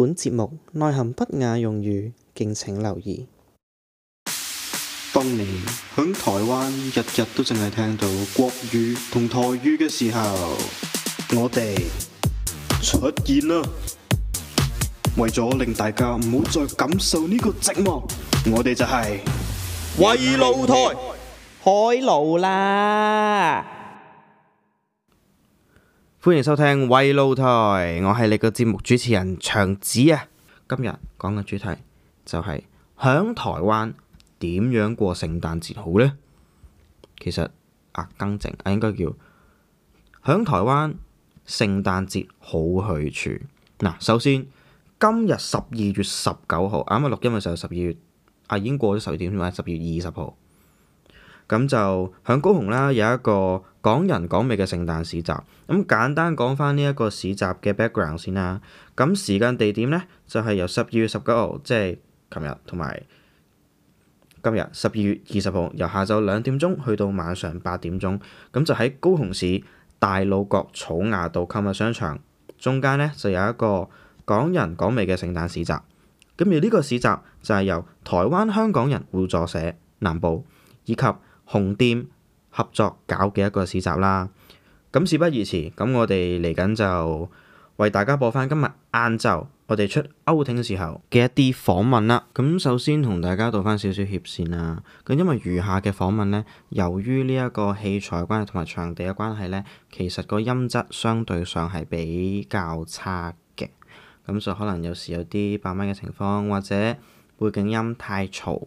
本節目內含不雅用語，敬請留意。當年響台灣日日都淨係聽到國語同台語嘅時候，我哋出現啦，為咗令大家唔好再感受呢個寂寞，我哋就係為露台開路啦。歡迎收聽《為路台》，我係你個節目主持人長子啊！今日講嘅主題就係、是、響台灣點樣過聖誕節好呢？」其實啊、啊、更正啊，應該叫響台灣聖誕節好去處。嗱，首先今日十二月十九號，啱、啊、啱錄音嘅時候十二月啊，已經過咗十二點，係十二月二十號。咁就響高雄啦，有一個。港人港味嘅聖誕市集，咁簡單講翻呢一個市集嘅 background 先啦。咁時間地點呢，就係由十二月十九號，即係琴日同埋今日十二月二十號，由下晝兩點鐘去到晚上八點鐘，咁就喺高雄市大魯閣草衙道購物商場中間呢就有一個港人港味嘅聖誕市集。咁而呢個市集就係由台灣香港人互助社南部以及紅店，合作搞嘅一個市集啦，咁事不宜遲，咁我哋嚟緊就為大家播翻今日晏晝我哋出 Outing 嘅時候嘅一啲訪問啦。咁首先同大家道翻少少歉先啦。咁因為餘下嘅訪問呢，由於呢一個器材關係同埋場地嘅關係呢，其實個音質相對上係比較差嘅，咁就可能有時有啲爆麥嘅情況，或者背景音太嘈。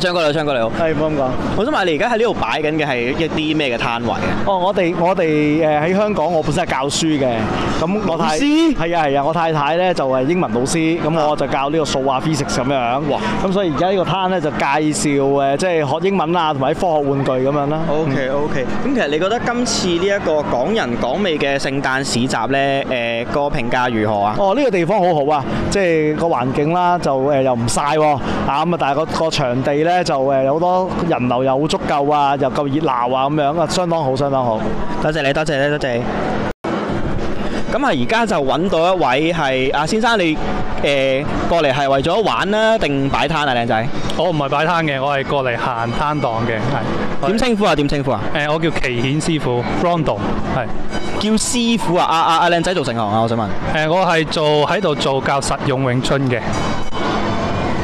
張哥你好，張哥你好，係咁講。我想問你而家喺呢度擺緊嘅係一啲咩嘅攤位啊？哦，我哋我哋誒喺香港，我本身係教書嘅，咁老師係啊，係啊，我太太咧就係英文老師，咁我就教呢個數學 physics 咁樣。哇！咁所以而家呢個攤咧就介紹誒，即係學英文啦，同埋科學玩具咁樣啦。OK OK，咁其實你覺得今次呢一個港人港味嘅聖誕市集咧，誒個評價如何啊？哦，呢個地方好好啊，即係個環境啦，就誒又唔曬喎啊！咁啊，但係個個場地咧，咧就誒有好多人流又好足夠啊，又夠熱鬧啊，咁樣啊，相當好，相當好。多謝你，多謝你，多謝你。咁啊，而家就揾到一位係阿、啊、先生，你誒、呃、過嚟係為咗玩啦定擺攤啊，靚仔？我唔係擺攤嘅，我係過嚟行攤檔嘅，係點稱呼啊？點稱呼啊？誒、呃，我叫奇顯師傅 Rondo 係叫師傅啊？阿阿阿靚仔做成行啊？我想問，誒、呃，我係做喺度做教實用詠，詠春嘅。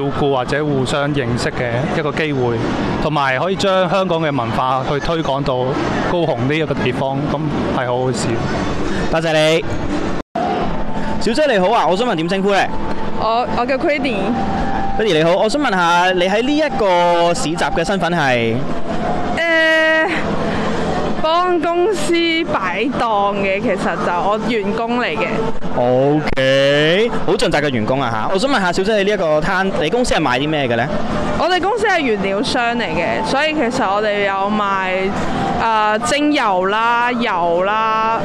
照顧或者互相認識嘅一個機會，同埋可以將香港嘅文化去推廣到高雄呢一個地方，咁係好好事。多謝你，小姐你好啊，我想問點稱呼咧？我我叫 Cady。Cady，你好，我想問下你喺呢一個市集嘅身份係？公司擺檔嘅，其實就我員工嚟嘅。OK，好盡責嘅員工啊吓！我想問下小姐，你呢一個攤，你公司係賣啲咩嘅呢？我哋公司係原料商嚟嘅，所以其實我哋有賣誒精油啦、油啦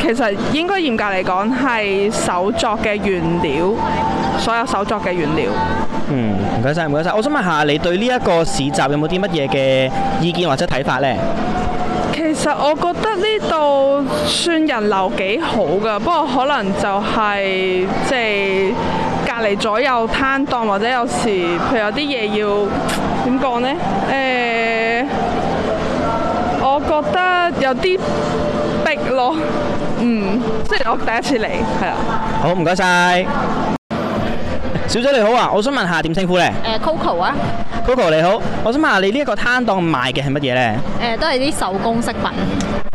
誒，其實應該嚴格嚟講係手作嘅原料，所有手作嘅原料。嗯，唔該晒，唔該晒。我想問下你對呢一個市集有冇啲乜嘢嘅意見或者睇法呢？其實我覺得呢度算人流幾好噶，不過可能就係、是、即係隔離左右攤檔或者有時，譬如有啲嘢要點講呢？誒、呃，我覺得有啲逼咯。嗯，即係我第一次嚟，係啦。好，唔該晒。小姐你好啊，我想問下點稱呼咧？誒、uh，Coco 啊，Coco a，你好，我想問下你攤檔呢、uh, 一個攤檔賣嘅係乜嘢咧？誒，都係啲手工飾品。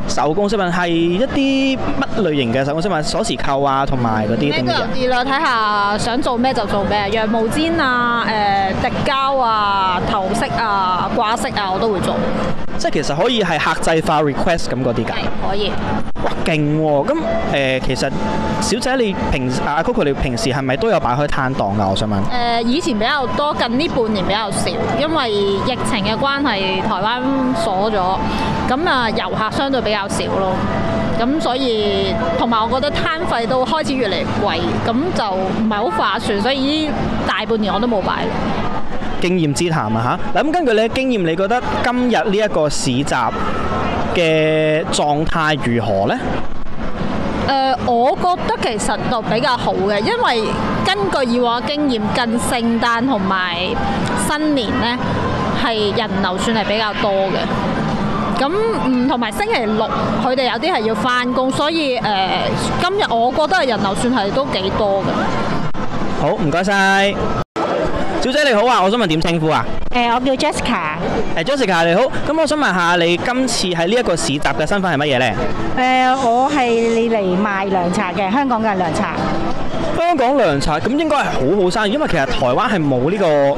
手工飾品係一啲乜類型嘅手工飾品？鎖匙扣啊，同埋嗰啲定？呢個睇啦，睇下 想做咩就做咩，羊毛氈啊，誒、呃，滴膠啊，頭飾啊，掛飾啊，我都會做。即係其實可以係客製化 request 咁嗰啲㗎，可以。哇，勁喎、哦！咁誒、呃，其實小姐你平阿、啊、Coco 你平時係咪都有擺開攤檔㗎？我想問。誒、呃，以前比較多，近呢半年比較少，因為疫情嘅關係，台灣鎖咗，咁啊、呃、遊客相對比較少咯。咁所以同埋我覺得攤費都開始越嚟越貴，咁就唔係好划算，所以大半年我都冇擺。經驗之談啊，吓，嗱，咁根據你嘅經驗，你覺得今日呢一個市集嘅狀態如何呢？誒，我覺得其實就比較好嘅，因為根據以往經驗，近聖誕同埋新年呢係人流算係比較多嘅。咁唔同埋星期六，佢哋有啲係要返工，所以誒今日我覺得係人流算係都幾多嘅。好，唔該晒。小姐你好啊，我想問點稱呼啊？誒，uh, 我叫 Jessica。誒，uh,Jessica 你好，咁我想問下你今次喺呢一個市集嘅身份係乜嘢咧？誒，uh, 我係你嚟賣涼茶嘅，香港嘅涼茶。香港涼茶，咁應該係好好生意，因為其實台灣係冇呢個。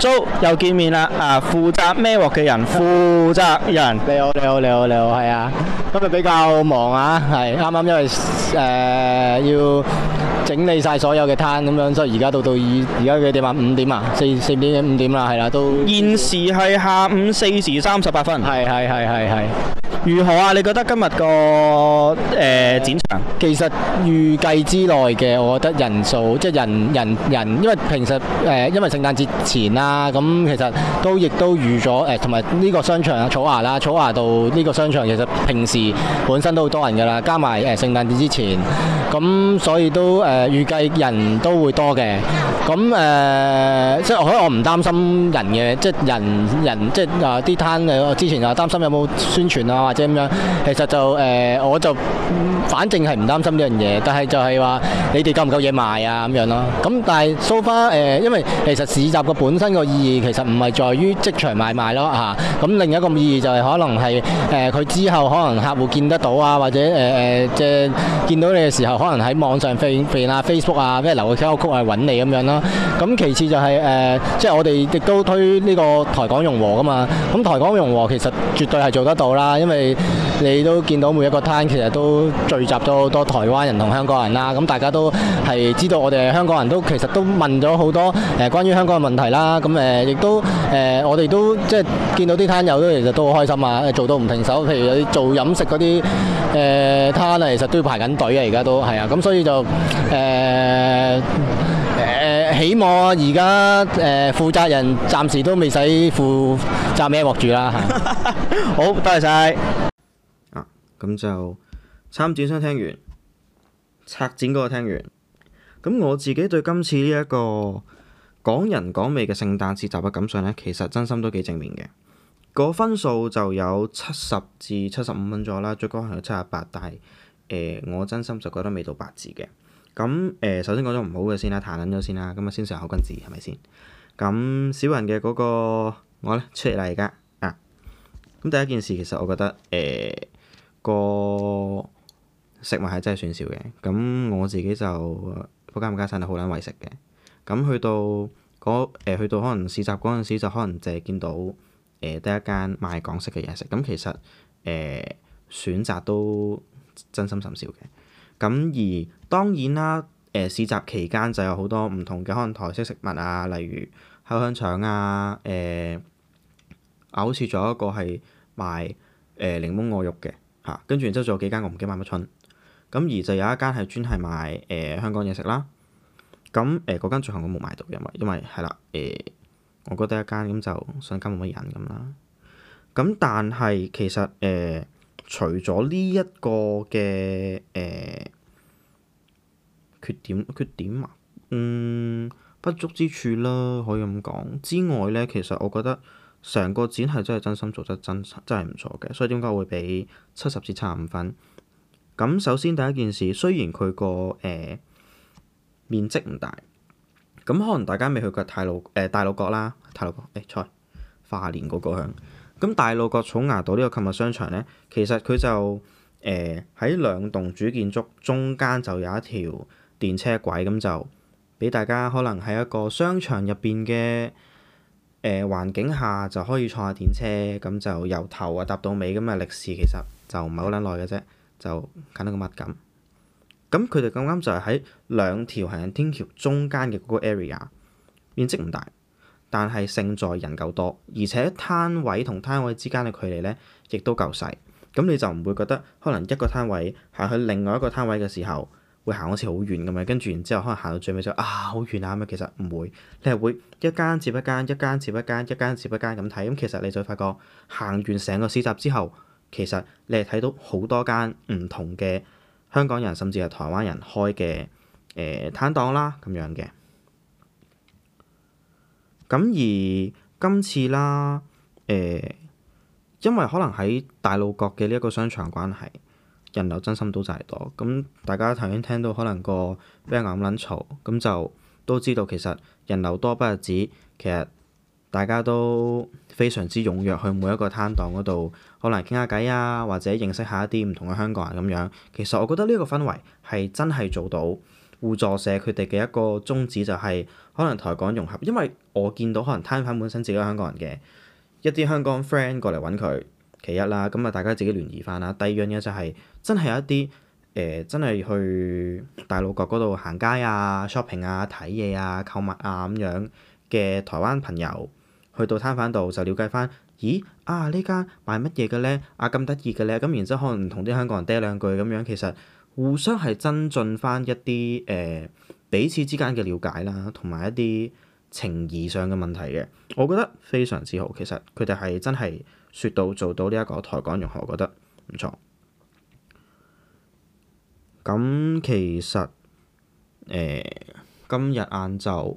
租又見面啦！啊，負責咩鑊嘅人？負責人。你好，你好，你好，你好，係啊。今日比較忙啊，係啱啱因為誒要整理晒所有嘅攤咁樣，所以而家到到而而家幾點啊？五點啊？四四點幾五點啦？係啦，都現時係下午四時三十八分。係係係係係。如何啊？你覺得今日個誒展場其實預計之內嘅，我覺得人數即係人人人，因為平時誒，因為聖誕節前啦，咁其實都亦都預咗誒，同埋呢個商場啊，草芽啦，草芽度呢個商場其實平時本身都好多人噶啦，加埋誒聖誕節之前，咁所以都誒預計人都會多嘅。咁誒，即係可能我唔擔心人嘅，即係人人即係啊啲攤嘅。我之前啊擔心有冇宣傳啊。或者咁樣，其實就誒、呃、我就反正係唔擔心呢樣嘢，但係就係話你哋夠唔夠嘢賣啊咁樣咯。咁但係 so far 誒，因為其實市集嘅本身個意義其實唔係在於即場買賣咯吓，咁、啊、另一個意義就係可能係誒佢之後可能客戶見得到啊，或者誒誒、呃呃、即係見到你嘅時候，可能喺網上 face 譬、啊啊、Facebook 啊，咩流行曲啊揾你咁樣咯。咁其次就係、是、誒、呃、即係我哋亦都推呢個台港融和噶嘛。咁台港融和其實絕對係做得到啦，因為。係，你都見到每一個攤其實都聚集咗好多台灣人同香港人啦。咁大家都係知道，我哋香港人都其實都問咗好多誒關於香港嘅問題啦。咁誒，亦都誒，我哋都即係見到啲攤友都其實都好開心啊，做到唔停手。譬如有啲做飲食嗰啲誒攤啊，其實都要排緊隊啊。而家都係啊，咁所以就誒。起碼而家誒負責人暫時都未使負責咩鑊住啦。 好，多謝晒！咁、啊、就參展商聽完，策展嗰個聽完。咁我自己對今次呢、這、一個港人港味嘅聖誕節集嘅感想呢，其實真心都幾正面嘅。個分數就有七十至七十五分咗啦，最高係有七十八，但係、呃、我真心就覺得未到八字嘅。咁誒、呃，首先講咗唔好嘅先啦，彈緊咗先啦，咁啊先下口巾紙係咪先？咁小雲嘅嗰個我咧出嚟啦而家啊，咁第一件事其實我覺得誒、呃那個食物係真係算少嘅。咁我自己就嗰間冚家鏟係好撚為食嘅。咁去到嗰、那、誒、個呃、去到可能市集嗰陣時，就可能淨係見到誒得、呃、一間賣港式嘅嘢食。咁其實誒、呃、選擇都真心甚少嘅。咁而當然啦，誒、呃、市集期間就有好多唔同嘅可能台式食物啊，例如烤香腸啊，誒、呃，啊好似仲有一個係賣誒、呃、檸檬外肉嘅，嚇、啊，跟住之後仲有幾間我唔記得買乜春，咁、啊、而就有一間係專係賣誒香港嘢食啦，咁誒嗰間最後我冇買到，因為因為係啦，誒、呃，我覺得一間咁就上街冇乜人咁啦，咁但係其實誒。呃除咗呢一個嘅誒、呃、缺點，缺點啊，嗯，不足之處啦，可以咁講之外咧，其實我覺得成個展係真係真心做得真真係唔錯嘅，所以點解我會俾七十至七十五分？咁首先第一件事，雖然佢個誒面積唔大，咁可能大家未去過太魯誒太魯閣啦，太魯閣誒菜花蓮嗰個響。咁大路角草芽島呢個購物商場咧，其實佢就誒喺兩棟主建築中間就有一條電車軌，咁就俾大家可能喺一個商場入邊嘅誒環境下就可以坐下電車，咁就由頭啊搭到尾。咁嘅歷史其實就唔係好撚耐嘅啫，就簡得個乜咁。咁佢哋咁啱就係喺兩條行人天橋中間嘅嗰個 area，面積唔大。但係勝在人夠多，而且攤位同攤位之間嘅距離咧，亦都夠細。咁你就唔會覺得可能一個攤位行去另外一個攤位嘅時候，會行好似好遠咁樣。跟住然之後可能行到最尾就啊好遠啊咁樣。其實唔會，你係會一間接一間，一間接一間，一間接一間咁睇。咁其實你就會發覺行完成個市集之後，其實你係睇到好多間唔同嘅香港人甚至係台灣人開嘅誒、呃、攤檔啦咁樣嘅。咁而今次啦，誒、呃，因為可能喺大魯閣嘅呢一個商場關係，人流真心都真係多。咁、嗯、大家頭先聽到可能個比較咁撚嘈，咁、嗯、就都知道其實人流多不特止。其實大家都非常之踴躍去每一個攤檔嗰度，可能傾下偈啊，或者認識一下一啲唔同嘅香港人咁樣。其實我覺得呢一個氛圍係真係做到。互助社佢哋嘅一個宗旨就係、是、可能台港融合，因為我見到可能攤販本身自己都係香港人嘅一啲香港 friend 過嚟揾佢其一啦，咁啊大家自己聯誼翻啦。第二樣嘢就係、是、真係有一啲誒、呃、真係去大陸角嗰度行街啊、shopping 啊、睇嘢啊、購物啊咁樣嘅台灣朋友去到攤販度就了解翻，咦啊呢家賣乜嘢嘅咧？啊咁得意嘅咧？咁然之後可能同啲香港人嗲兩句咁樣，其實。互相係增進翻一啲誒、呃、彼此之間嘅了解啦，同埋一啲情義上嘅問題嘅，我覺得非常之好。其實佢哋係真係説到做到呢一個台港融合，我覺得唔錯。咁其實誒、呃、今日晏晝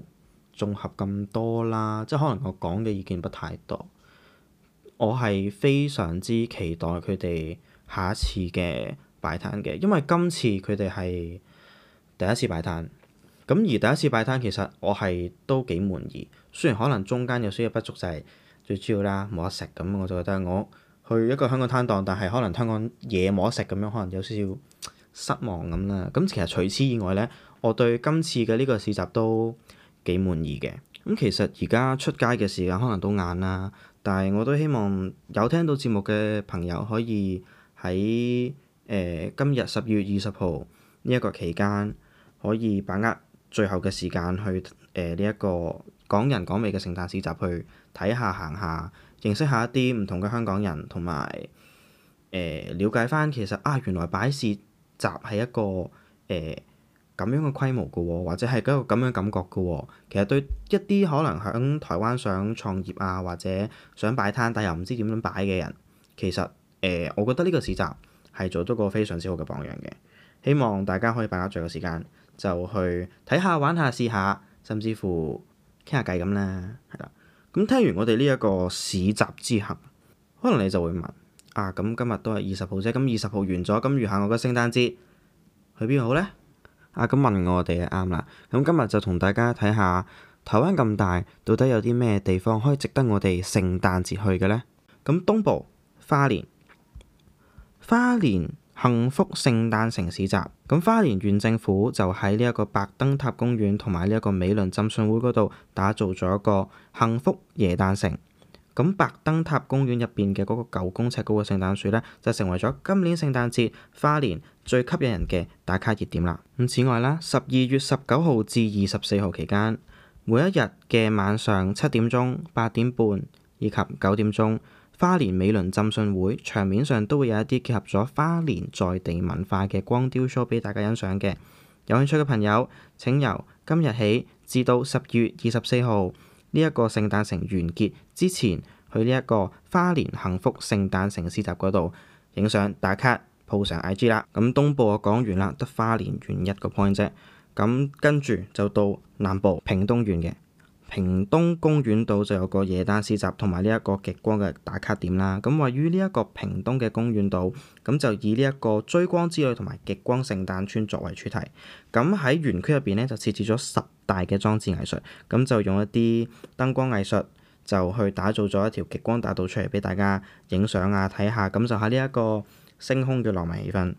綜合咁多啦，即係可能我講嘅意見不太多，我係非常之期待佢哋下一次嘅。擺攤嘅，因為今次佢哋係第一次擺攤，咁而第一次擺攤其實我係都幾滿意。雖然可能中間有少少不足，就係最主要啦，冇得食咁，我就覺得我去一個香港攤檔，但係可能香港嘢冇得食咁樣，可能有少少失望咁啦。咁其實除此以外咧，我對今次嘅呢個市集都幾滿意嘅。咁其實而家出街嘅時間可能都晏啦，但係我都希望有聽到節目嘅朋友可以喺。誒、呃、今日十月二十號呢一個期間，可以把握最後嘅時間去誒呢一個港人港味嘅聖誕市集去睇下行下，認識下一啲唔同嘅香港人，同埋誒瞭解返其實啊原來擺市集係一個誒咁、呃、樣嘅規模㗎喎、哦，或者係嗰個咁樣感覺㗎喎、哦。其實對一啲可能響台灣想創業啊，或者想擺攤但係又唔知點樣擺嘅人，其實誒、呃、我覺得呢個市集。係做咗個非常之好嘅榜樣嘅，希望大家可以把握住個時間就去睇下、玩下、試下，甚至乎傾下計咁咧，係啦。咁、嗯、聽完我哋呢一個市集之行，可能你就會問：「啊，咁今日都係二十號啫，咁二十號完咗，咁餘下我嘅聖誕節去邊好呢？」啊，咁問我哋就啱啦。咁今日就同大家睇下台灣咁大，到底有啲咩地方可以值得我哋聖誕節去嘅呢？咁東部花蓮。花蓮幸福聖誕城市集，咁花蓮縣政府就喺呢一個白燈塔公園同埋呢一個美倫浸信會嗰度打造咗一個幸福耶誕城。咁白燈塔公園入邊嘅嗰個九公尺高嘅聖誕樹呢，就成為咗今年聖誕節花蓮最吸引人嘅打卡熱點啦。咁此外啦，十二月十九號至二十四號期間，每一日嘅晚上七點鐘、八點半以及九點鐘。花蓮美倫浸信會場面上都會有一啲結合咗花蓮在地文化嘅光雕 show 俾大家欣賞嘅。有興趣嘅朋友請由今日起至到十二月二十四號呢一個聖誕城完結之前去呢一個花蓮幸福聖誕城市集嗰度影相打卡 po 上 IG 啦。咁東部我講完啦，得花蓮縣一個 point 啫。咁跟住就到南部屏東縣嘅。屏東公園道就有個耶誕市集同埋呢一個極光嘅打卡點啦。咁位於呢一個屏東嘅公園道，咁就以呢一個追光之旅同埋極光聖誕村作為主題。咁喺園區入邊呢，就設置咗十大嘅裝置藝術，咁就用一啲燈光藝術就去打造咗一條極光大道出嚟俾大家影相啊、睇下、感受下呢一個星空嘅浪漫氣氛。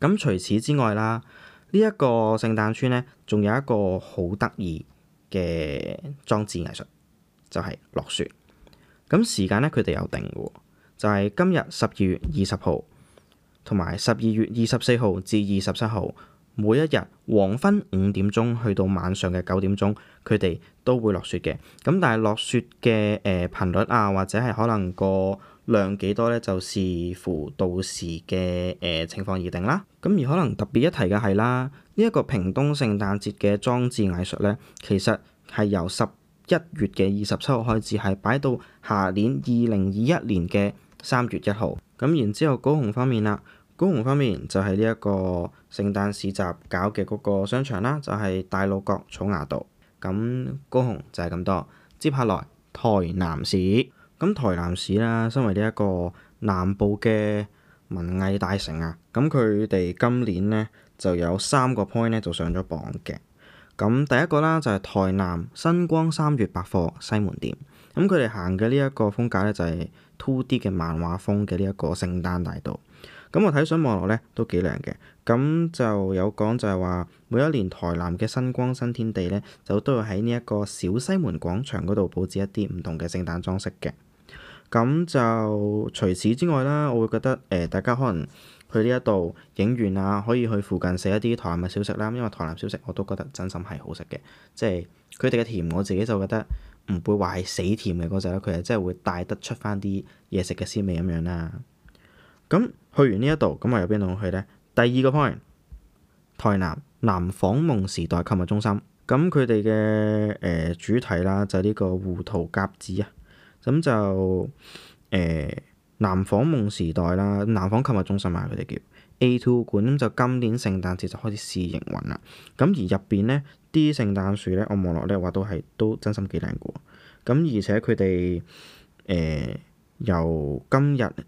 咁除此之外啦，呢、這、一個聖誕村呢，仲有一個好得意。嘅裝置藝術就係落雪，咁時間呢，佢哋有定嘅喎，就係今日十二月二十號同埋十二月二十四號至二十七號，每一日黃昏五點鐘去到晚上嘅九點鐘，佢哋都會落雪嘅。咁但係落雪嘅誒頻率啊，或者係可能個量幾多呢？就視乎到時嘅誒、呃、情況而定啦。咁而可能特別一提嘅係啦，呢、這、一個屏東聖誕節嘅裝置藝術呢，其實係由十一月嘅二十七號開始，係擺到下年二零二一年嘅三月一號。咁然之後高雄方面啦，高雄方面就係呢一個聖誕市集搞嘅嗰個商場啦，就係、是、大魯閣草衙道。咁高雄就係咁多。接下來台南市。咁台南市啦，身為呢一個南部嘅文藝大城啊，咁佢哋今年呢就有三個 point 呢就上咗榜嘅。咁第一個啦就係、是、台南新光三越百貨西門店，咁佢哋行嘅呢一個風格呢，就係、是、two D 嘅漫畫風嘅呢一個聖誕大道。咁我睇上網落呢都幾靚嘅。咁就有講就係話每一年台南嘅新光新天地呢，就都會喺呢一個小西門廣場嗰度佈置一啲唔同嘅聖誕裝飾嘅。咁就除此之外啦，我會覺得誒、呃，大家可能去呢一度影完啊，可以去附近食一啲台南嘅小食啦。因為台南小食我都覺得真心係好食嘅，即係佢哋嘅甜，我自己就覺得唔會話係死甜嘅嗰隻啦，佢係真係會帶得出翻啲嘢食嘅鮮味咁樣啦。咁去完呢一度，咁啊有邊度去呢？第二個 point，台南南紡夢時代購物中心，咁佢哋嘅誒主題啦，就係、是、呢個胡桃夾子啊。咁就誒、呃、南紡夢時代啦，南紡購物中心啊，佢哋叫 A2 館，咁就今年聖誕節就開始試營運啦。咁而入邊咧啲聖誕樹咧，我望落咧話都係都真心幾靚嘅喎。咁而且佢哋誒由今起、呃、日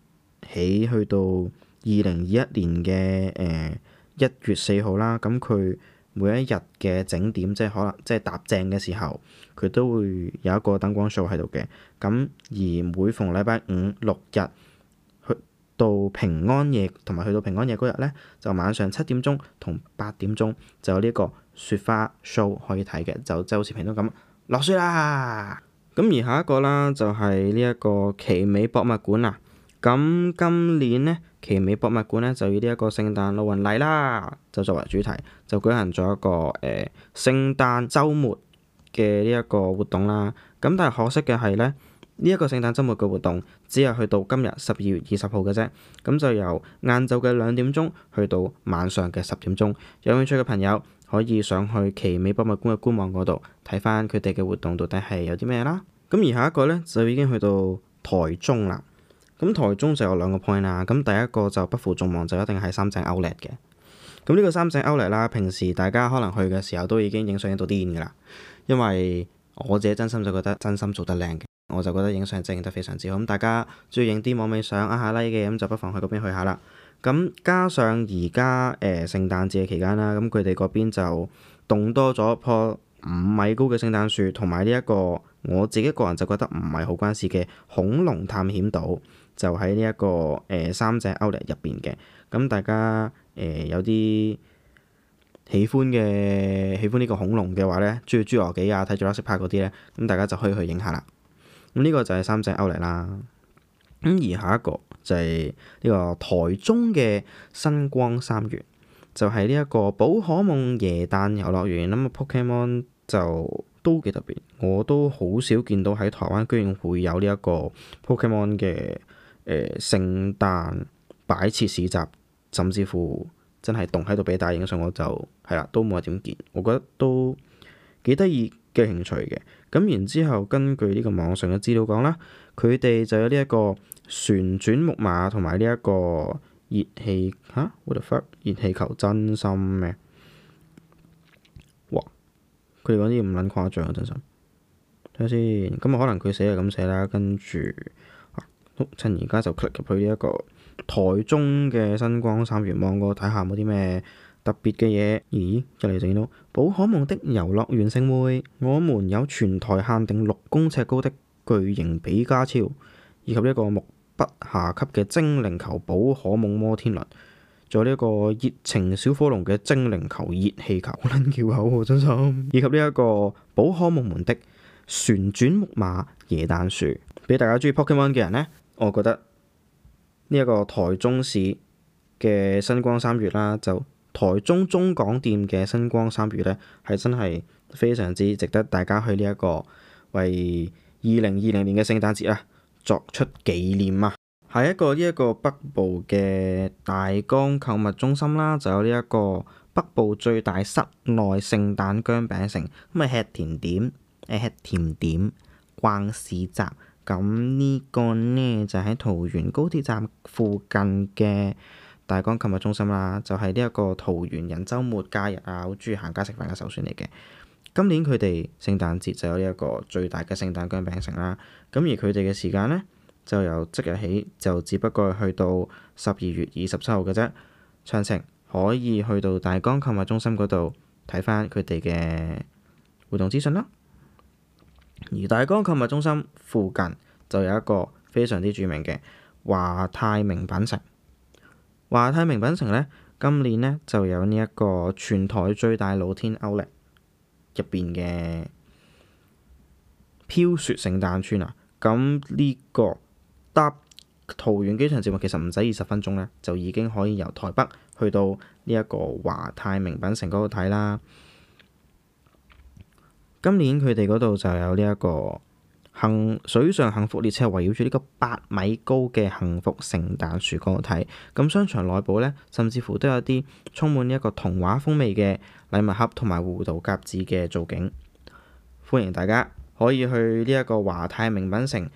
起去到二零二一年嘅誒一月四號啦，咁佢。每一日嘅整點，即係可能即係搭正嘅時候，佢都會有一個燈光 show 喺度嘅。咁而每逢禮拜五、六日去到平安夜，同埋去到平安夜嗰日呢，就晚上七點鐘同八點鐘就有呢個雪花 show 可以睇嘅，就就好似平時咁落雪啦。咁而下一個啦，就係呢一個奇美博物館啊。咁今年呢。奇美博物館呢，就以呢一個聖誕露雲禮啦，就作為主題，就舉行咗一個誒聖誕周末嘅呢一個活動啦。咁但係可惜嘅係呢，呢一個聖誕周末嘅活動，只係去到今日十二月二十號嘅啫。咁就由晏晝嘅兩點鐘去到晚上嘅十點鐘，有興趣嘅朋友可以上去奇美博物館嘅官網嗰度睇翻佢哋嘅活動到底係有啲咩啦。咁而下一個呢，就已經去到台中啦。咁台中就有兩個 point 啊，咁第一個就不負眾望，就一定係三井歐力嘅。咁、這、呢個三井歐力啦，平時大家可能去嘅時候都已經影相影到癲㗎啦，因為我自己真心就覺得真心做得靚嘅，我就覺得影相整得非常之好。咁大家中意影啲網美相啊下拉、like、嘅，咁就不妨去嗰邊去下啦。咁加上而家誒聖誕節期間啦，咁佢哋嗰邊就棟多咗棵五米高嘅聖誕樹，同埋呢一個我自己個人就覺得唔係好關事嘅恐龍探險島。就喺呢一個誒、呃、三井 Outlet 入邊嘅，咁大家誒、呃、有啲喜歡嘅喜歡呢個恐龍嘅話咧，中意侏羅紀啊，睇《Jurassic Park》嗰啲咧，咁大家就可以去影下啦。咁呢個就係三井 Outlet 啦。咁而下一個就係呢個台中嘅新光三越，就喺呢一個寶可夢椰蛋遊樂園，咁啊 Pokemon 就都幾特別，我都好少見到喺台灣居然會有呢一個 Pokemon 嘅。誒、呃、聖誕擺設市集，甚至乎真係凍喺度俾大家影相，我就係啦，都冇話點見。我覺得都幾得意嘅興趣嘅。咁然之後，根據呢個網上嘅資料講啦，佢哋就有呢一個旋轉木馬同埋呢一個熱氣嚇、啊、what the fuck 熱氣球真心咩？哇！佢哋嗰啲唔撚誇張啊，真心。睇下先，咁可能佢寫係咁寫啦，跟住。趁而家就 click 入去一個台中嘅新光三越網嗰，睇下有冇啲咩特別嘅嘢。咦，真嚟整到寶可夢的遊樂園盛會，我們有全台限定六公尺高的巨型比加超，以及呢一個目不暇給嘅精靈球寶可夢摩天輪，仲有呢一個熱情小火龍嘅精靈球熱氣球，好撚叫口喎，真心。以及呢一個寶可夢們的旋轉木馬耶誕樹，俾大家中意 Pokemon 嘅人呢。我覺得呢一個台中市嘅新光三越啦、啊，就台中中港店嘅新光三越呢，係真係非常之值得大家去呢一個為二零二零年嘅聖誕節啊作出紀念啊！下一個呢一、這個北部嘅大江購物中心啦、啊，就有呢一個北部最大室內聖誕薑餅城，咁啊吃甜點，誒吃甜點逛市集。咁呢個呢就喺桃園高鐵站附近嘅大江購物中心啦，就係呢一個桃園人週末假日啊好中意行街食飯嘅首選嚟嘅。今年佢哋聖誕節就有呢一個最大嘅聖誕薑餅城啦。咁而佢哋嘅時間呢，就由即日起就只不過去到十二月二十七號嘅啫。詳情可以去到大江購物中心嗰度睇返佢哋嘅活動資訊啦。而大江購物中心附近就有一個非常之著名嘅華泰名品城。華泰名品城呢，今年呢就有呢一個全台最大露天 Outlet 入邊嘅飄雪聖誕村啊！咁呢個搭桃園機場捷運其實唔使二十分鐘呢，就已經可以由台北去到呢一個華泰名品城嗰度睇啦。今年佢哋嗰度就有呢一個幸水上幸福列車，圍繞住呢個八米高嘅幸福聖誕樹嗰度睇。咁商場內部呢，甚至乎都有啲充滿一個童話風味嘅禮物盒同埋胡桃夾子嘅造景。歡迎大家可以去呢一個華泰名品城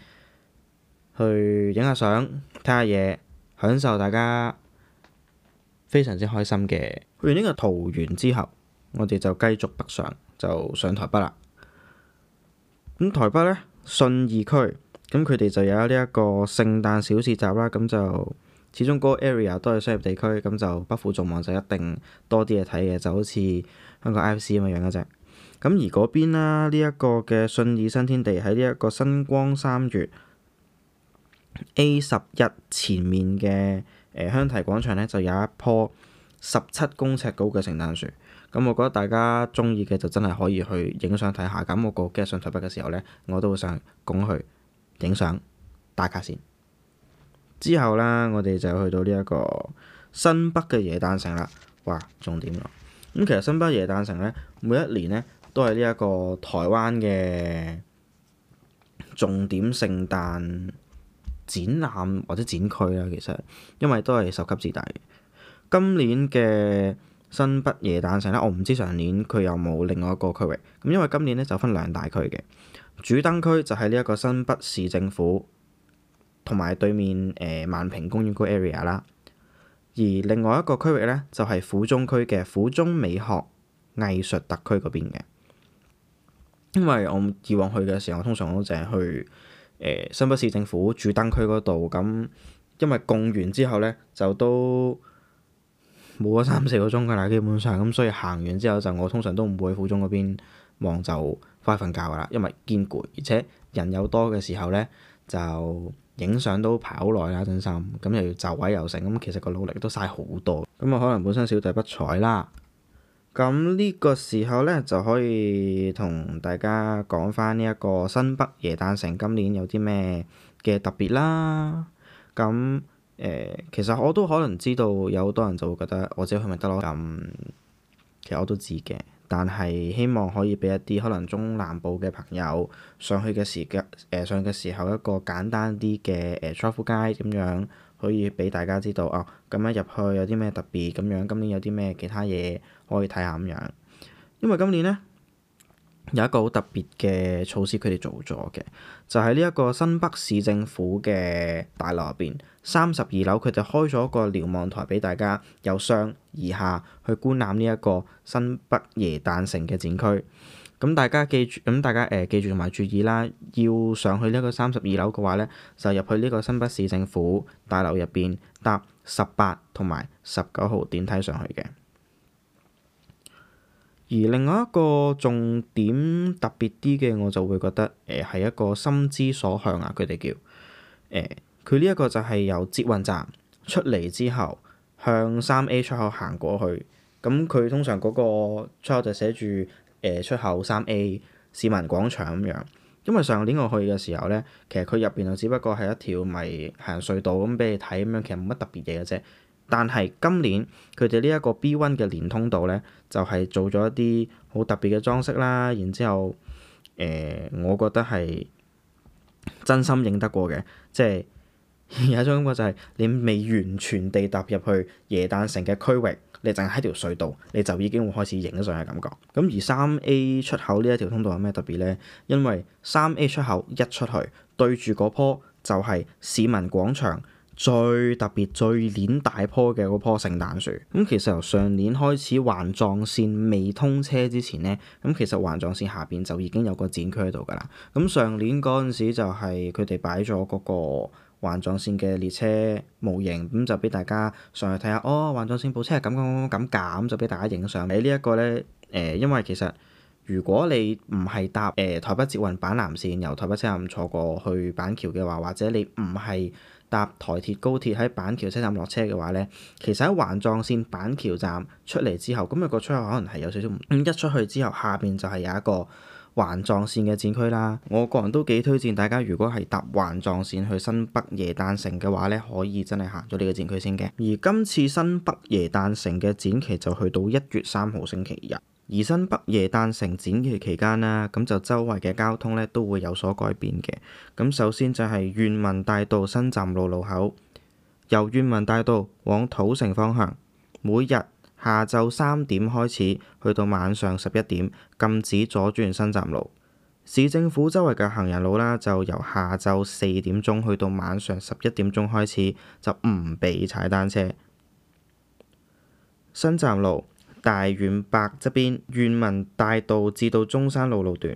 去影下相、睇下嘢、享受大家非常之開心嘅。去完呢個桃園之後，我哋就繼續北上。就上台北啦，咁台北呢，信義區，咁佢哋就有呢一個聖誕小市集啦，咁就始終嗰個 area 都係商業地區，咁就不負眾望就一定多啲嘢睇嘅，就好似香港 IFC 咁樣嘅啫。咁而嗰邊啦，呢、這、一個嘅信義新天地喺呢一個新光三越 A 十一前面嘅誒香堤廣場呢，就有一棵十七公尺高嘅聖誕樹。咁我覺得大家中意嘅就真係可以去影相睇下。咁我過幾日上台北嘅時候呢，我都會想拱去影相打卡先。之後啦，我哋就去到呢一個新北嘅耶誕城啦。哇，重點咯！咁其實新北耶誕城呢，每一年呢都係呢一個台灣嘅重點聖誕展覽或者展區啦。其實，因為都係首級字底。今年嘅新北耶誕城咧，我唔知上年佢有冇另外一個區域，咁因為今年呢，就分兩大區嘅，主燈區就喺呢一個新北市政府同埋對面誒、呃、萬平公園嗰 area 啦，而另外一個區域呢，就係、是、府中區嘅府中美學藝術特區嗰邊嘅，因為我以往去嘅時候，我通常都淨係去誒、呃、新北市政府主燈區嗰度，咁因為逛完之後呢，就都～冇咗三四個鐘㗎啦，基本上咁，所以行完之後就我通常都唔會喺府中嗰邊望就快瞓覺㗎啦，因為堅攰，而且人又多嘅時候呢，就影相都排好耐啦，真心咁又要就位又剩，咁其實個努力都嘥好多，咁啊可能本身小弟不才啦。咁呢個時候呢，就可以同大家講翻呢一個新北耶誕城今年有啲咩嘅特別啦，咁。誒、呃，其實我都可能知道有好多人就會覺得我自己去咪得咯，咁、嗯、其實我都知嘅，但係希望可以俾一啲可能中南部嘅朋友上去嘅時間，誒、呃、上去嘅時候一個簡單啲嘅誒、呃、travel guide 咁樣可以俾大家知道哦，咁樣入去有啲咩特別，咁樣今年有啲咩其他嘢可以睇下咁樣，因為今年咧。有一個好特別嘅措施，佢哋做咗嘅，就係呢一個新北市政府嘅大樓入邊，三十二樓佢就開咗一個瞭望台俾大家由上而下去觀覽呢一個新北耶誕城嘅展區。咁、嗯、大家記住，咁、嗯、大家誒、呃、記住同埋注意啦，要上去呢一個三十二樓嘅話咧，就入去呢個新北市政府大樓入邊搭十八同埋十九號電梯上去嘅。而另外一個重點特別啲嘅，我就會覺得，誒、呃、係一個心之所向啊！佢哋叫，誒、佢呢一個就係由捷運站出嚟之後，向三 A 出口行過去。咁、嗯、佢通常嗰個出口就寫住誒、出口三 A 市民廣場咁樣。因為上年我去嘅時候咧，其實佢入邊就只不過係一條咪行隧道咁俾你睇咁樣，其實冇乜特別嘢嘅啫。但係今年佢哋呢一個 B1 嘅連通道呢，就係、是、做咗一啲好特別嘅裝飾啦，然之後誒、呃，我覺得係真心影得過嘅，即係有一種感覺就係你未完全地踏入去耶誕城嘅區域，你淨係喺條隧道你就已經會開始影得上嘅感覺。咁而三 A 出口呢一條通道有咩特別呢？因為三 A 出口一出去對住嗰坡就係市民廣場。最特別最攣大棵嘅嗰棵聖誕樹，咁其實由上年開始環狀線未通車之前呢，咁其實環狀線下邊就已經有個展區喺度㗎啦。咁上年嗰陣時就係佢哋擺咗嗰個環狀線嘅列車模型，咁就俾大家上去睇下，哦，環狀線部車係咁咁咁咁咁，就俾大家影相。你呢一個呢，誒、呃，因為其實如果你唔係搭誒台北捷運板南線由台北車站坐過去去板橋嘅話，或者你唔係。搭台鐵高鐵喺板橋車站落車嘅話呢，其實喺環狀線板橋站出嚟之後，咁、那個出口可能係有少少唔一出去之後，下邊就係有一個環狀線嘅展區啦。我個人都幾推薦大家，如果係搭環狀線去新北耶誕城嘅話呢，可以真係行咗呢個展區先嘅。而今次新北耶誕城嘅展期就去到一月三號星期日。而新北耶誕城展期期間呢，咁就周圍嘅交通呢，都會有所改變嘅。咁首先就係縣民大道新站路路口，由縣民大道往土城方向，每日下晝三點開始，去到晚上十一點，禁止左轉新站路。市政府周圍嘅行人路啦，就由下晝四點鐘去到晚上十一點鐘開始，就唔俾踩單車。新站路大遠百側邊，縣民大道至到中山路路段；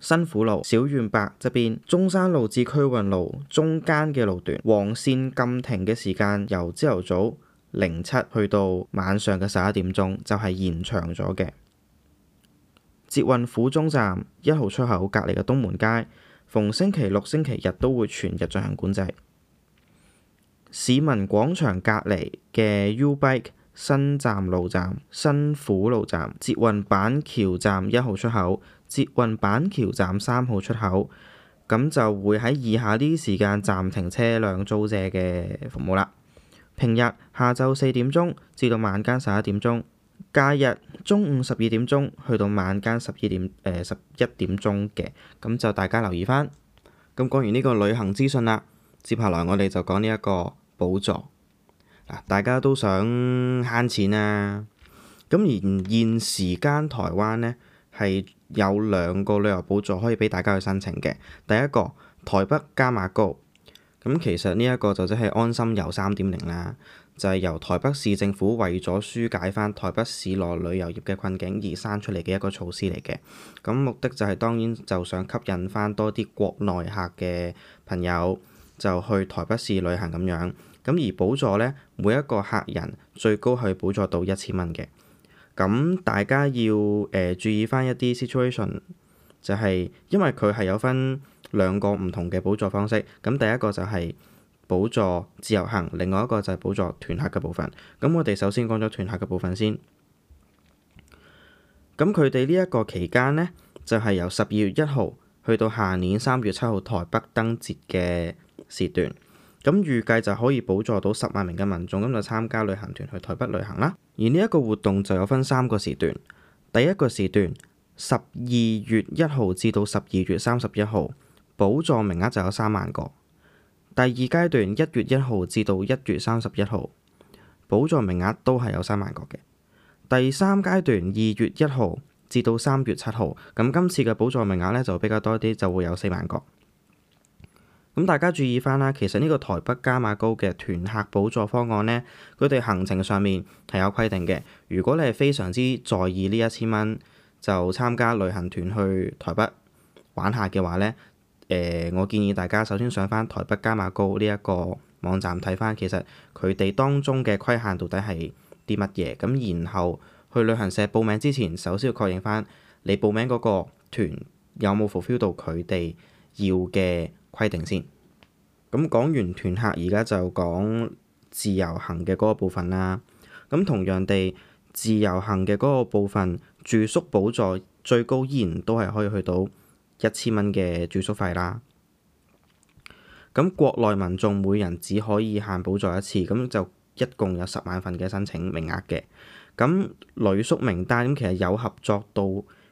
新府路小遠百側邊，中山路至區運路中間嘅路段，黃線禁停嘅時間由朝頭早零七去到晚上嘅十一點鐘，就係、是、延長咗嘅。捷運府中站一號出口隔離嘅東門街，逢星期六、星期日都會全日進行管制。市民廣場隔離嘅 U Bike。新站路站、新府路站、捷運板橋站一號出口、捷運板橋站三號出口，咁就會喺以下呢啲時間暫停車輛租借嘅服務啦。平日下晝四點鐘至到晚間十一點鐘，假日中午十二點鐘去到晚間十二點誒十一點鐘嘅，咁就大家留意返。咁講完呢個旅行資訊啦，接下來我哋就講呢一個補助。大家都想慳錢啦，啊，咁而現時間台灣呢係有兩個旅遊補助可以俾大家去申請嘅。第一個台北加碼高，咁其實呢一個就即係安心遊三點零啦，就係、是、由台北市政府為咗疏解翻台北市內旅遊業嘅困境而生出嚟嘅一個措施嚟嘅，咁目的就係當然就想吸引翻多啲國內客嘅朋友就去台北市旅行咁樣。咁而補助呢，每一個客人最高係補助到一千蚊嘅。咁大家要誒、呃、注意翻一啲 situation，就係因為佢係有分兩個唔同嘅補助方式。咁第一個就係補助自由行，另外一個就係補助團客嘅部分。咁我哋首先講咗團客嘅部分先。咁佢哋呢一個期間呢，就係、是、由十二月一號去到下年三月七號台北燈節嘅時段。咁預計就可以補助到十萬名嘅民眾，咁就參加旅行團去台北旅行啦。而呢一個活動就有分三個時段。第一個時段，十二月一號至到十二月三十一號，補助名額就有三萬個。第二階段一月一號至到一月三十一號，補助名額都係有三萬個嘅。第三階段二月一號至到三月七號，咁今次嘅補助名額呢，就比較多啲，就會有四萬個。咁大家注意翻啦，其實呢個台北加碼高嘅團客補助方案呢，佢哋行程上面係有規定嘅。如果你係非常之在意呢一千蚊，就參加旅行團去台北玩下嘅話呢，誒、呃，我建議大家首先上翻台北加碼高呢一個網站睇翻，看看其實佢哋當中嘅規限到底係啲乜嘢。咁然後去旅行社報名之前，首先要確認翻你報名嗰個團有冇 fulfill 到佢哋要嘅。規定先，咁講完團客，而家就講自由行嘅嗰個部分啦。咁同樣地，自由行嘅嗰個部分住宿補助最高依然都係可以去到一千蚊嘅住宿費啦。咁國內民眾每人只可以限補助一次，咁就一共有十萬份嘅申請名額嘅。咁旅宿名單咁其實有合作到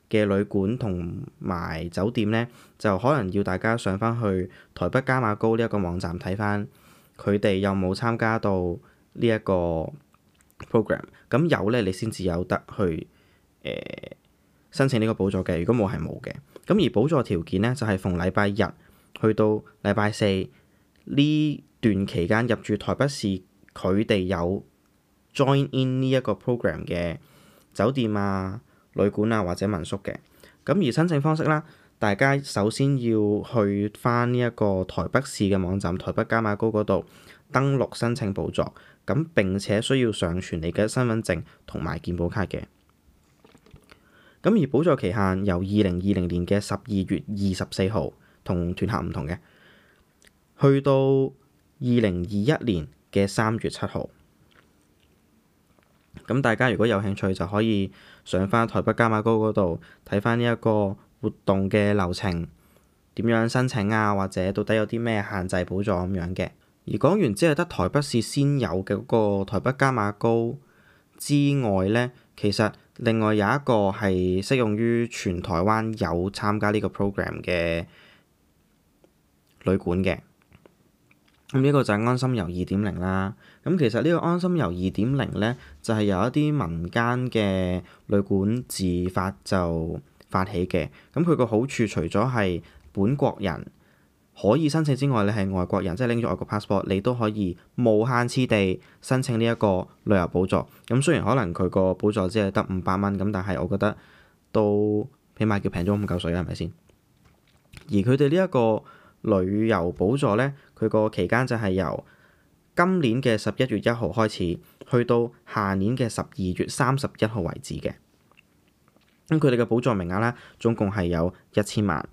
嘅旅館同埋酒店呢，就可能要大家上翻去台北加馬高呢一個網站睇翻，佢哋有冇參加到呢一個 program，咁有呢，你先至有得去誒、呃、申請呢個補助嘅，如果冇係冇嘅。咁而補助條件呢，就係、是、逢禮拜日去到禮拜四呢段期間入住台北市，佢哋有 join in 呢一個 program 嘅酒店啊。旅館啊，或者民宿嘅，咁而申請方式啦，大家首先要去返呢一個台北市嘅網站，台北加碼 GO 嗰度登錄申請補助，咁並且需要上傳你嘅身份證同埋健保卡嘅，咁而補助期限由二零二零年嘅十二月二十四號同團客唔同嘅，去到二零二一年嘅三月七號，咁大家如果有興趣就可以，上返台北加碼高嗰度睇返呢一個活動嘅流程，點樣申請啊，或者到底有啲咩限制補助咁樣嘅。而講完之後，得台北市先有嘅嗰個台北加碼高之外呢，其實另外有一個係適用於全台灣有參加呢個 program 嘅旅館嘅。咁呢個就係安心遊二點零啦。咁其實呢個安心遊二點零呢，就係、是、由一啲民間嘅旅館自發就發起嘅。咁佢個好處除咗係本國人可以申請之外，你係外國人即係拎咗外國 passport，你都可以無限次地申請呢一個旅遊補助。咁雖然可能佢個補助只係得五百蚊，咁但係我覺得都起碼叫平咗五嚿水啊，係咪先？而佢哋呢一個旅遊補助呢。佢個期間就係由今年嘅十一月一號開始，去到下年嘅十二月三十一號為止嘅。咁佢哋嘅補助名額咧，總共係有一千萬，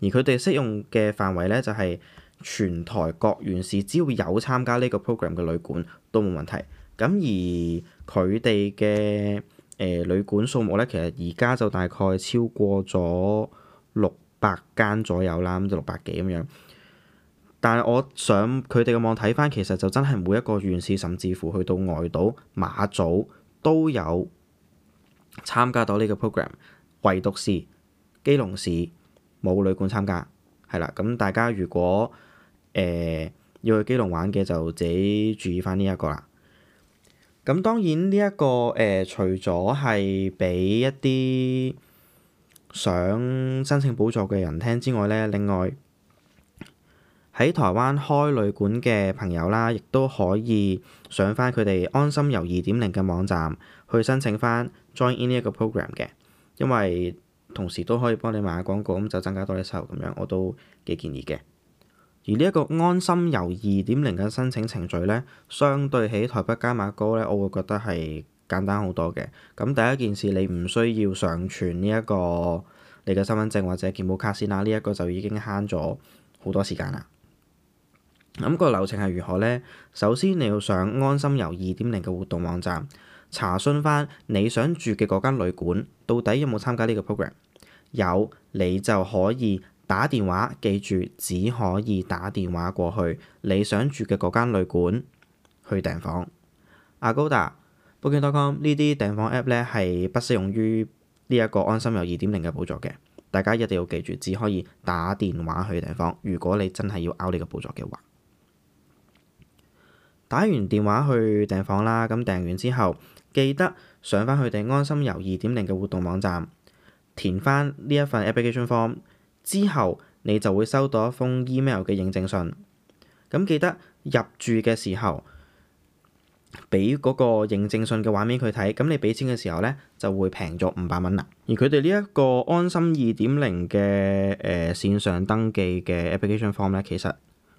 而佢哋適用嘅範圍咧，就係全台各縣市只要有參加呢個 program 嘅旅館都冇問題。咁而佢哋嘅誒旅館數目咧，其實而家就大概超過咗六百間左右啦，咁就六百幾咁樣。但係，我上佢哋嘅網睇翻，其實就真係每一個縣市，甚至乎去到外島馬祖都有參加到呢個 program，me, 唯獨是基隆市冇旅館參加，係啦。咁大家如果誒、呃、要去基隆玩嘅，就自己注意翻呢一個啦。咁當然呢、這、一個誒、呃，除咗係俾一啲想申請補助嘅人聽之外咧，另外，喺台灣開旅館嘅朋友啦，亦都可以上翻佢哋安心遊二點零嘅網站去申請翻 join in 呢一個 program 嘅，因為同時都可以幫你賣下廣告，咁就增加多啲收入咁樣，我都幾建議嘅。而呢一個安心遊二點零嘅申請程序呢，相對起台北加碼高呢，我會覺得係簡單好多嘅。咁第一件事你唔需要上傳呢一個你嘅身份證或者健保卡先啦，呢一個就已經慳咗好多時間啦。咁個流程係如何呢？首先你要上安心遊二點零嘅活動網站，查詢翻你想住嘅嗰間旅館到底有冇參加呢個 program。有，你就可以打電話，記住只可以打電話過去你想住嘅嗰間旅館去訂房。Agoda Booking.com 呢啲訂房 app 呢係不適用於呢一個安心遊二點零嘅補助嘅，大家一定要記住只可以打電話去訂房。如果你真係要拗呢個補助嘅話，打完電話去訂房啦，咁訂完之後記得上返佢哋安心遊二點零嘅活動網站，填返呢一份 application form 之後，你就會收到一封 email 嘅認證信。咁記得入住嘅時候俾嗰個認證信嘅畫面佢睇，咁你俾錢嘅時候呢，就會平咗五百蚊啦。而佢哋呢一個安心二點零嘅誒線上登記嘅 application form 呢，其實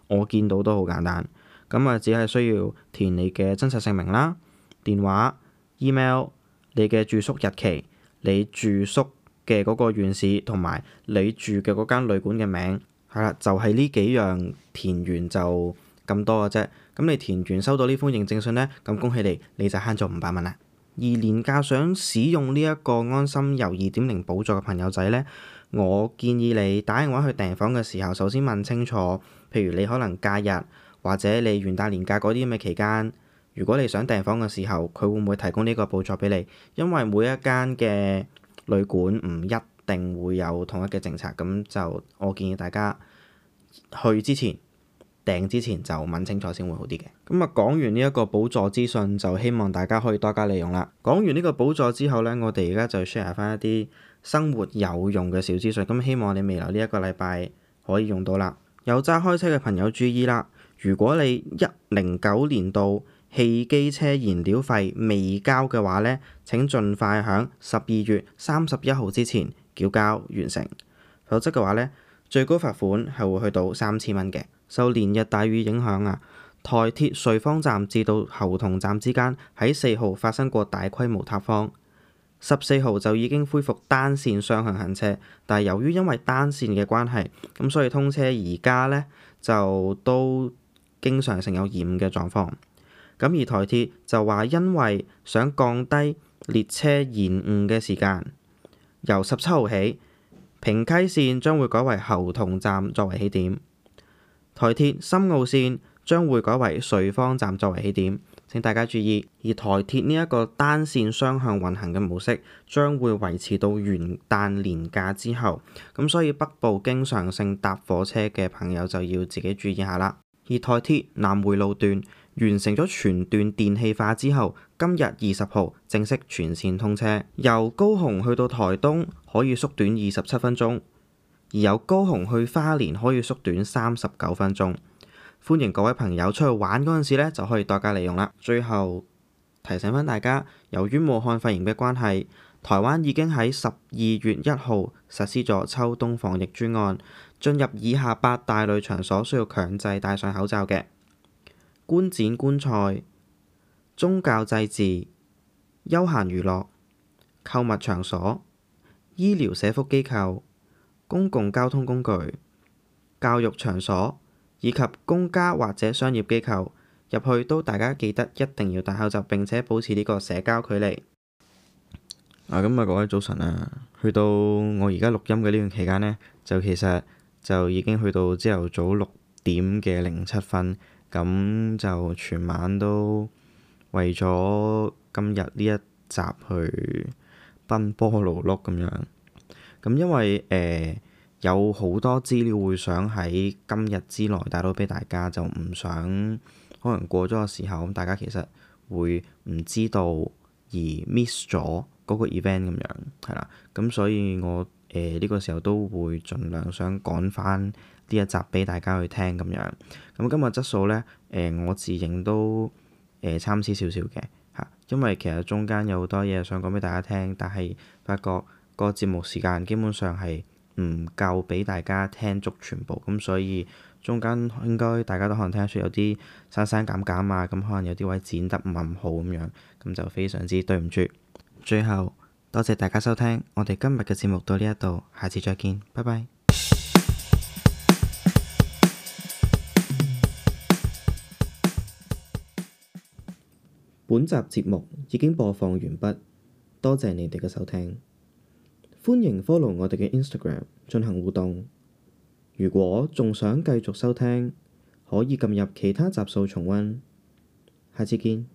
我見到都好簡單。咁啊，只係需要填你嘅真實姓名啦、電話、email，你嘅住宿日期、你住宿嘅嗰個縣市同埋你住嘅嗰間旅館嘅名，係啦，就係呢幾樣填完就咁多嘅啫。咁你填完收到呢封認證信咧，咁恭喜你你就慳咗五百蚊啦。而年假想使用呢一個安心遊二點零補助嘅朋友仔咧，我建議你打電話去訂房嘅時候，首先問清楚，譬如你可能假日。或者你元旦年假嗰啲咁嘅期間，如果你想訂房嘅時候，佢會唔會提供呢個補助俾你？因為每一間嘅旅館唔一定會有統一嘅政策，咁就我建議大家去之前訂之前就問清楚先會好啲嘅。咁啊，講完呢一個補助資訊，就希望大家可以多加利用啦。講完呢個補助之後咧，我哋而家就 share 翻一啲生活有用嘅小資訊，咁希望你未來呢一個禮拜可以用到啦。有揸開車嘅朋友注意啦！如果你一零九年度汽機車燃料費未交嘅話呢，請盡快喺十二月三十一號之前繳交，交完成，否則嘅話呢，最高罰款係會去到三千蚊嘅。受連日大雨影響啊，台鐵瑞芳站至到猴硐站之間喺四號發生過大規模塌方，十四號就已經恢復單線雙向行，行車，但係由於因為單線嘅關係，咁所以通車而家呢就都。經常性有延誤嘅狀況，咁而台鐵就話因為想降低列車延誤嘅時間，由十七號起，平溪線將會改為猴硐站作為起點，台鐵深澳線將會改為瑞芳站作為起點。請大家注意，而台鐵呢一個單線雙向運行嘅模式將會維持到元旦年假之後，咁所以北部經常性搭火車嘅朋友就要自己注意下啦。而台鐵南迴路段完成咗全段電氣化之後，今日二十號正式全線通車，由高雄去到台東可以縮短二十七分鐘，而由高雄去花蓮可以縮短三十九分鐘。歡迎各位朋友出去玩嗰陣時呢，就可以多加利用啦。最後提醒翻大家，由於武漢肺炎嘅關係，台灣已經喺十二月一號實施咗秋冬防疫專案。進入以下八大類場所需要強制戴上口罩嘅：觀展、觀賽、宗教祭祀、休閒娛樂、購物場所、醫療社福機構、公共交通工具、教育場所以及公家或者商業機構，入去都大家記得一定要戴口罩，並且保持呢個社交距離。啊，咁啊，各位早晨啊，去到我而家錄音嘅呢段期間呢，就其實～就已經去到朝頭早六點嘅零七分，咁就全晚都為咗今日呢一集去奔波勞碌咁樣。咁因為誒、呃、有好多資料會想喺今日之內帶到俾大家，就唔想可能過咗個時候，咁大家其實會唔知道而 miss 咗嗰個 event 咁樣，係啦，咁所以我。誒呢個時候都會盡量想趕翻呢一集俾大家去聽咁樣。咁今日質素呢，誒、呃、我自認都誒參、呃、差少少嘅嚇，因為其實中間有好多嘢想講俾大家聽，但係發覺個節目時間基本上係唔夠俾大家聽足全部，咁所以中間應該大家都可能聽得出有啲刪刪減減啊，咁可能有啲位剪得唔係咁好咁樣，咁就非常之對唔住。最後。多謝大家收聽，我哋今日嘅節目到呢一度，下次再見，拜拜。本集節目已經播放完畢，多謝你哋嘅收聽。歡迎 follow 我哋嘅 Instagram 進行互動。如果仲想繼續收聽，可以撳入其他集數重溫。下次見。